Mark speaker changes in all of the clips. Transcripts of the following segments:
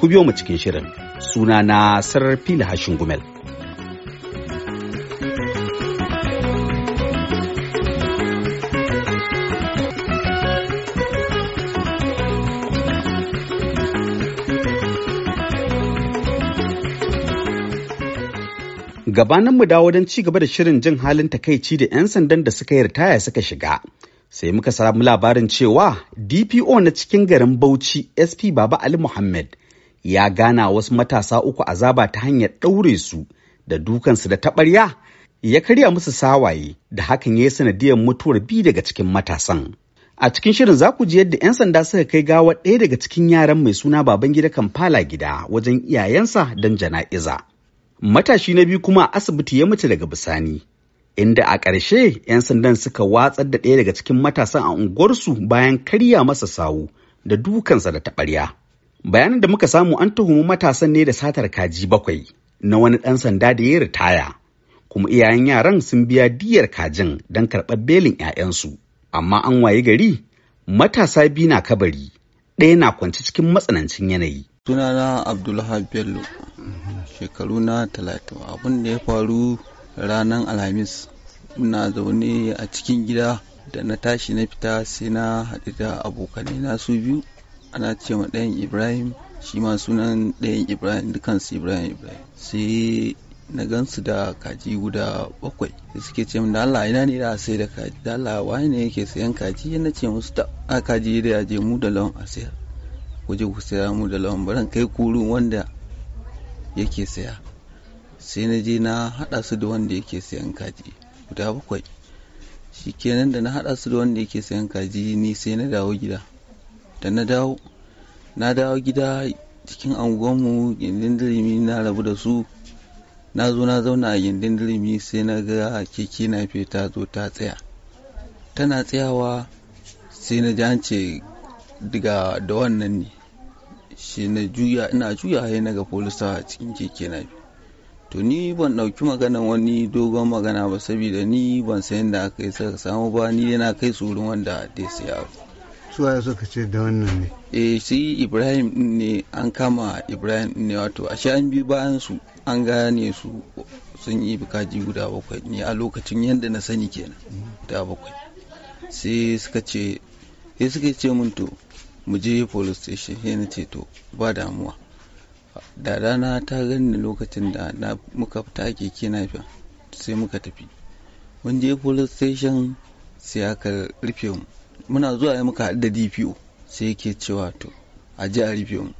Speaker 1: ku biyo mu cikin shirin suna na sarar fili hashin gumel. gabanin mu dawo don ci gaba da shirin jin halin takaici da 'yan sandan da suka yi ritaya suka shiga sai muka samu labarin cewa dpo na cikin garin bauchi sp baba ali muhammad ya gana wasu matasa uku azaba ta hanyar ɗaure su da dukansu da taɓarya ya karya musu sawaye da hakan ya yi sanadiyar mutuwar biyu daga cikin matasan. A cikin shirin za ku ji yadda 'yan sanda suka kai gawa ɗaya daga cikin yaran mai suna baban gida Kampala gida wajen iyayensa don jana'iza. Matashi na biyu kuma asibiti ya mutu daga bisani. Inda a ƙarshe 'yan sandan suka watsar da ɗaya daga cikin matasan a unguwarsu bayan karya masa sawu da dukansa da taɓarya. bayanin da muka samu an tuhumi matasan ne da satar kaji bakwai na wani ɗan sanda da ya ritaya kuma iyayen yaran sun biya diyar kajin don karɓar belin 'ya'yansu amma an waye gari
Speaker 2: matasa biyu na kabari ɗaya na
Speaker 1: kwanci cikin matsanancin yanayi
Speaker 2: sunana abdulhab bello shekaru na talatin abin da ya faru ranar alhamis muna zaune a cikin gida da na tashi na fita sai na haɗu da abokanai na su biyu ana ce ma ɗayan ibrahim shi ma sunan ɗayan ibrahim dukansu ibrahim ibrahim sai na gansu da kaji guda bakwai da suke ce da Allah ina ne da sai da kaji da Allah wani ne yake sayan kaji yana ce musu da a kaji da ya je mu da lawan a sayar waje ku saya mu da lawan baran kai kurun wanda yake saya sai na je na haɗa su da wanda yake sayan kaji guda bakwai shi kenan da na haɗa su da wanda yake sayan kaji ni sai na dawo gida da na dawo na dawo gida cikin anguwanmu gindin dirimi na rabu da su na zo na zauna a gindin dirimi sai na ga keke na ta zo ta tsaya tana tsayawa sai na jance daga da wannan ne shi na juya ina juya sai na ga polisa a cikin keke na to ni ban ɗauki maganan wani dogon magana ba saboda ni ban san yadda aka yi saka samu ba ni yana kai su wurin wanda da ya abu suwa ya suka ce da wannan ne eh sai ibrahim din ne an kama ibrahim din ne wato a an biyu bayan su an gane su sun yi bukaji guda bakwai ne a lokacin yadda na sani kenan guda bakwai sai suka ce sai suka ce mun to mu je police station sai na ce to ba damuwa da rana ta gani lokacin da na muka fita ake kina fiya sai muka tafi mun je police station sai aka rufe mu muna zuwa ya muka haɗu da dpo sai yake cewa to a ji a rufe mu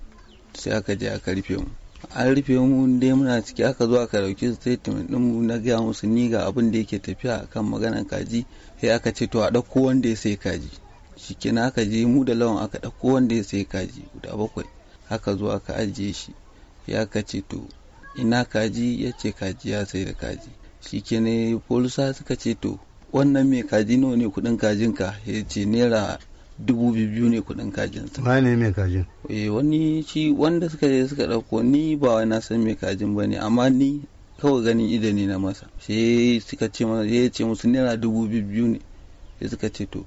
Speaker 2: sai aka je aka rufe mu an rufe mu dai muna ciki aka zo aka dauki statement din mu na gaya musu ni ga abin da yake tafiya kan maganar kaji sai aka ce to a ɗauko wanda ya sai kaji shikenan aka je mu da lawan aka ɗauko wanda ya sai kaji guda bakwai aka zo aka ajiye shi ya aka ce to ina kaji ya ce kaji ya sai da kaji shikenan polisa suka ce to wannan mai kaji nawa ne kudin kajin ka ya ce naira dubu biyu ne kudin kajin sa ba ne mai kajin eh wani shi wanda suka je suka dauko ni ba wani na san mai kajin bane amma ni kawai ganin ido ne na masa sai suka ce masa ya ce musu naira dubu biyu ne sai suka ce to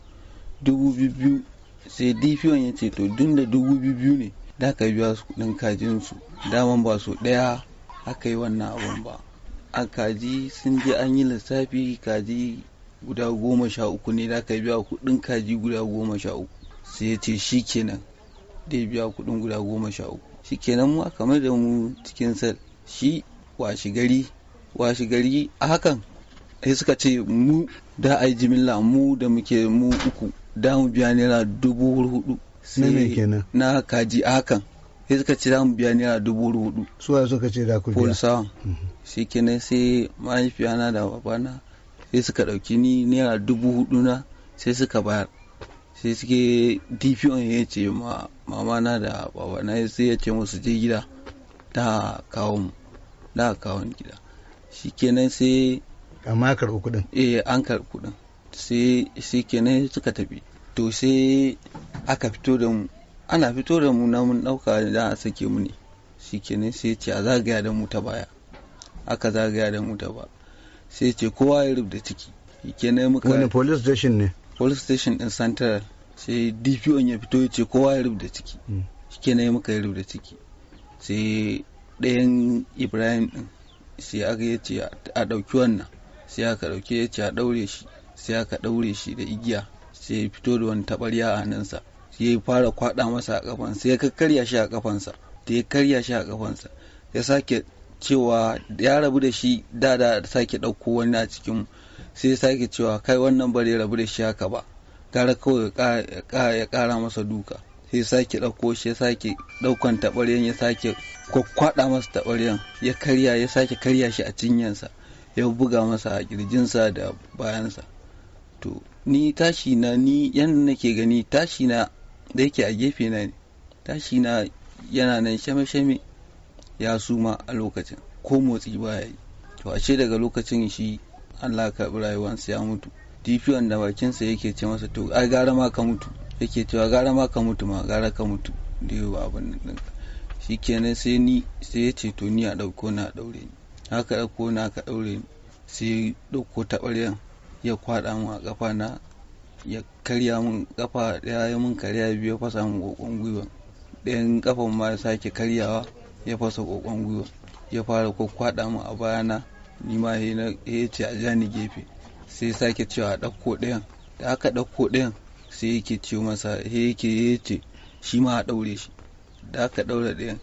Speaker 2: dubu biyu sai dpo ya ce to dun da dubu biyu ne da ka biya su kudin kajin su daman ba su daya aka yi wannan abun ba a kaji sun je an yi lissafi kaji guda goma sha uku ne za ka biya kuɗin kaji guda goma sha uku sai ya ce shi kenan da ya biya kuɗin guda goma sha uku shi kenan mu kamar da mu cikin sal shi washi gari washi gari a hakan sai suka ce mu da a yi jimilla mu da muke mu uku da mu biya naira dubu hudu na kaji a hakan sai suka ce za mu biya naira dubu hudu suwa suka ce da ku biya polisawan mhm. shi kenan sai mahaifiyana da babana sai suka ɗauki ni naira dubu hudu na sai suka bayar sai suke dpo ya ce ma mama na da baba na sai ya ce musu je gida da kawo mu da kawo gida Shi kenan sai amma karɓi kuɗin eh an karɓi kuɗin sai kenan suka tafi to sai aka fito da mu ana fito da mu na mun ɗauka da a sake mu ne kenan sai ce a zagaya da mu ta baya aka zagaya da mu ta baya sai ce kowa ya rubuta ciki kenan muka wani
Speaker 1: police station ne
Speaker 2: police station din central sai dpo ya fito ya ce kowa ya rubuta ciki hmm. kenan muka ya rubuta ciki sai ɗayan ibrahim din sai aka ya ce a ɗauki wannan sai aka ɗauke ya ce a ɗaure shi sai aka ɗaure shi da igiya sai ya fito da wani taɓarya a hannunsa sai ya fara kwaɗa masa a kafansa sai ya karya shi a kafansa da ya karya shi a kafansa ya sake cewa ya rabu da shi da da sake ɗauko wani a cikin sai sake cewa kai wannan bare rabu da shi haka ba gara kawai ya ƙara masa duka sai sake ɗauko shi ya sake ɗaukan taɓaryan ya sake kwakwada masa taɓaryan ya karya ya sake karya shi a cinyansa ya buga masa a kirjinsa da bayansa to ni tashi na ni nake gani tashi na da yake a gefe na ne tashi na yana nan shame-shame ya suma a lokacin ko motsi baya yi to ashe daga lokacin shi Allah ka rayuwarsa ya mutu dpn da bakinsa yake ce masa to ai gara ma ka mutu yake cewa gara ma ka mutu ma gara ka mutu da yau abin nan shi kenan sai ni sai ya ce to ni a ɗauko na ɗaure ni haka ɗauko na ka ɗaure ni sai ɗauko taɓaryan ya kwaɗa mu a ƙafa na ya karya mun ƙafa ɗaya ya mun karya biyu ya fasa mun ƙoƙon gwiwa ɗayan ƙafan ma ya sake karyawa ya fasa kokon gwiwa ya fara kwakwada mu a bayana ni ma ya ce a jani gefe sai sake cewa ɗauko ɗayan da aka ɗauko ɗayan sai yake ce masa yake ya shi ma a ɗaure shi da aka ɗaure ɗayan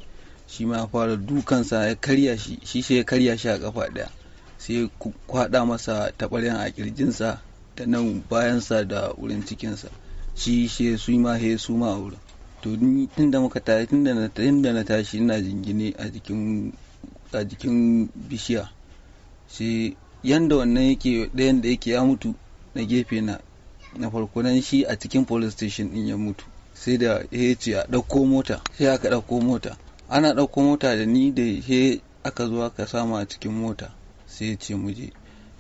Speaker 2: shi ma fara dukansa ya karya shi shi shi ya karya shi a kafa ɗaya sai kwada masa taɓaryan a kirjinsa da nan bayansa da wurin cikinsa shi shi su ma he su ma a wurin to ni tunda muka tare tunda na tunda na tashi ina jingine a jikin bishiya sai yanda wannan yake ɗayan da yake ya mutu na gefe na na farko nan shi a cikin police station din ya mutu sai da ya ce a ɗauko mota sai aka ɗauko mota ana ɗauko mota da ni da he aka zo aka samu a cikin mota sai ya ce muje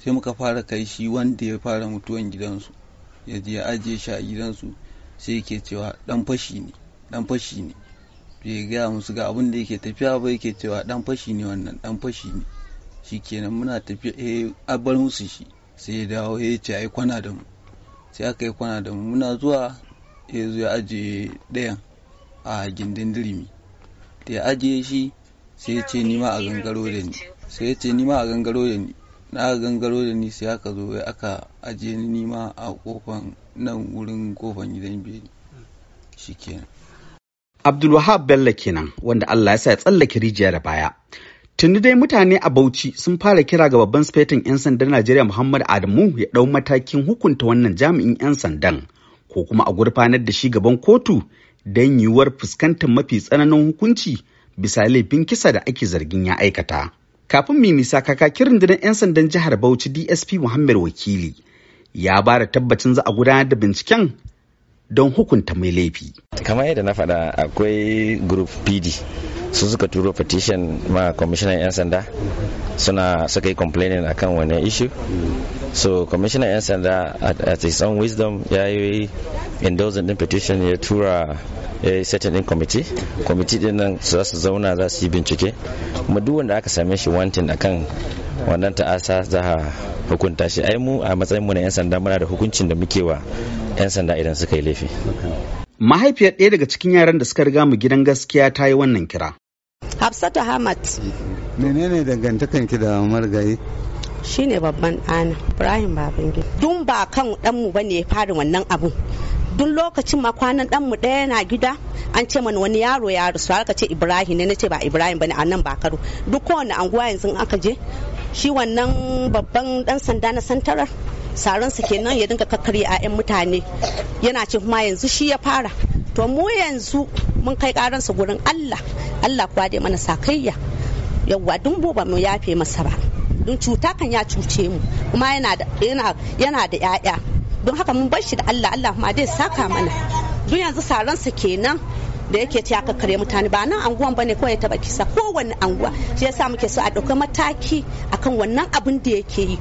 Speaker 2: sai muka fara kai shi wanda ya fara mutuwan gidansu ya je ya ajiye shi a gidansu sai yake cewa dan fashi ne dan fashi ne bai gaya musu ga abin da yake tafiya ba yake cewa dan fashi ne wannan dan fashi ne shikenan muna tafiya eh abar musu shi sai ya dawo ya ce ai kwana da mu sai aka yi kwana da mu muna zuwa ya zo ya ajiye ɗayan a gindin dirimi da ya ajiye shi sai ya ce nima a gangaro da ni sai ya ce nima a gangaro da ni na gangaro da ni sai aka zo aka ajiye ni nima a kofan nan wurin kofan gidan biyu shikenan
Speaker 1: Abdulwahab Bello kenan wanda Allah ya sa ya tsallake rijiya da baya. Tuni dai mutane a Bauchi sun fara kira ga babban sufetin 'yan sandan Najeriya Muhammad Adamu ya ɗau matakin hukunta wannan jami'in 'yan sandan ko kuma a gurfanar da shi gaban kotu don yiwuwar fuskantar mafi tsananin hukunci bisa laifin kisa da ake zargin ya aikata. Kafin mai nisa kakakin rundunar 'yan sandan jihar Bauchi DSP Muhammad Wakili ya bara tabbacin za a gudanar da binciken don hukunta mai laifi. kamar yadda na faɗa akwai group pd su suka turo petition ma kwamishinan 'yan sanda suna suka yi complaining akan wani issue so commissioner yan sanda at his own wisdom ya yi endorsing din petition ya tura ya yi setting din committee committee din nan za su zauna za su yi bincike kuma duk wanda aka same shi wantin kan wannan ta'asa za a hukunta shi ai mu a matsayin mu na yan sanda muna da hukuncin da muke wa yan sanda idan suka yi laifi mahaifiyar ɗaya daga cikin yaran da suka riga mu gidan gaskiya ta yi wannan kira hafsat Hamad.
Speaker 2: Menene dangantakan ki da marigayi?
Speaker 1: shine babban ɗana ibrahim Babangida. dun ba kan ɗanmu ba ne ya fara wannan abu Dun lokacin ma kwanan ɗanmu ɗaya na gida an ce mana wani yaro ya rasu har ka ce ibrahim ne na ce ba ibrahim bane a nan ba karo duk kowane anguwa yanzu aka je shi wannan babban ɗan sanda na santarar saransa kenan ya dinga kakkari 'ya'yan mutane yana ce kuma yanzu shi ya fara to mu yanzu mun kai karansa gurin Allah Allah kuwa dai mana sakayya yawwa dumbo ba mu yafe masa ba don cuta kan ya cuce mu kuma yana da 'ya'ya don haka mun bar shi da Allah Allah ma dai saka mana don yanzu saransa kenan da yake ta kare mutane ba nan anguwan bane kawai ya taba kisa kowanne anguwa shi yasa muke so a ɗauki mataki akan wannan abin da yake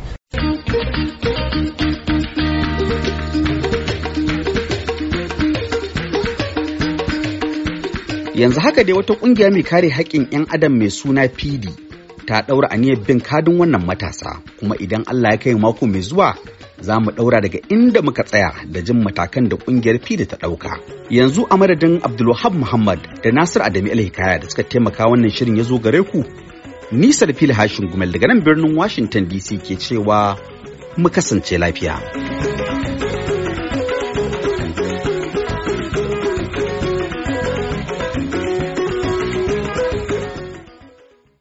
Speaker 1: yi yanzu haka dai wata kungiya mai kare haƙƙin 'yan adam mai suna pd. ta ɗaura aniyar bin kadin wannan matasa kuma idan Allah ya kai mako mai zuwa za mu ɗaura daga inda muka tsaya da jin matakan da ƙungiyar fida ta ɗauka. Yanzu a madadin Abdulwahab Muhammad da Nasir Adami Alhikaya da suka taimaka wannan shirin ya zo gare ku. Nisa da fili hashin gumel daga nan birnin Washington DC ke cewa mu kasance lafiya.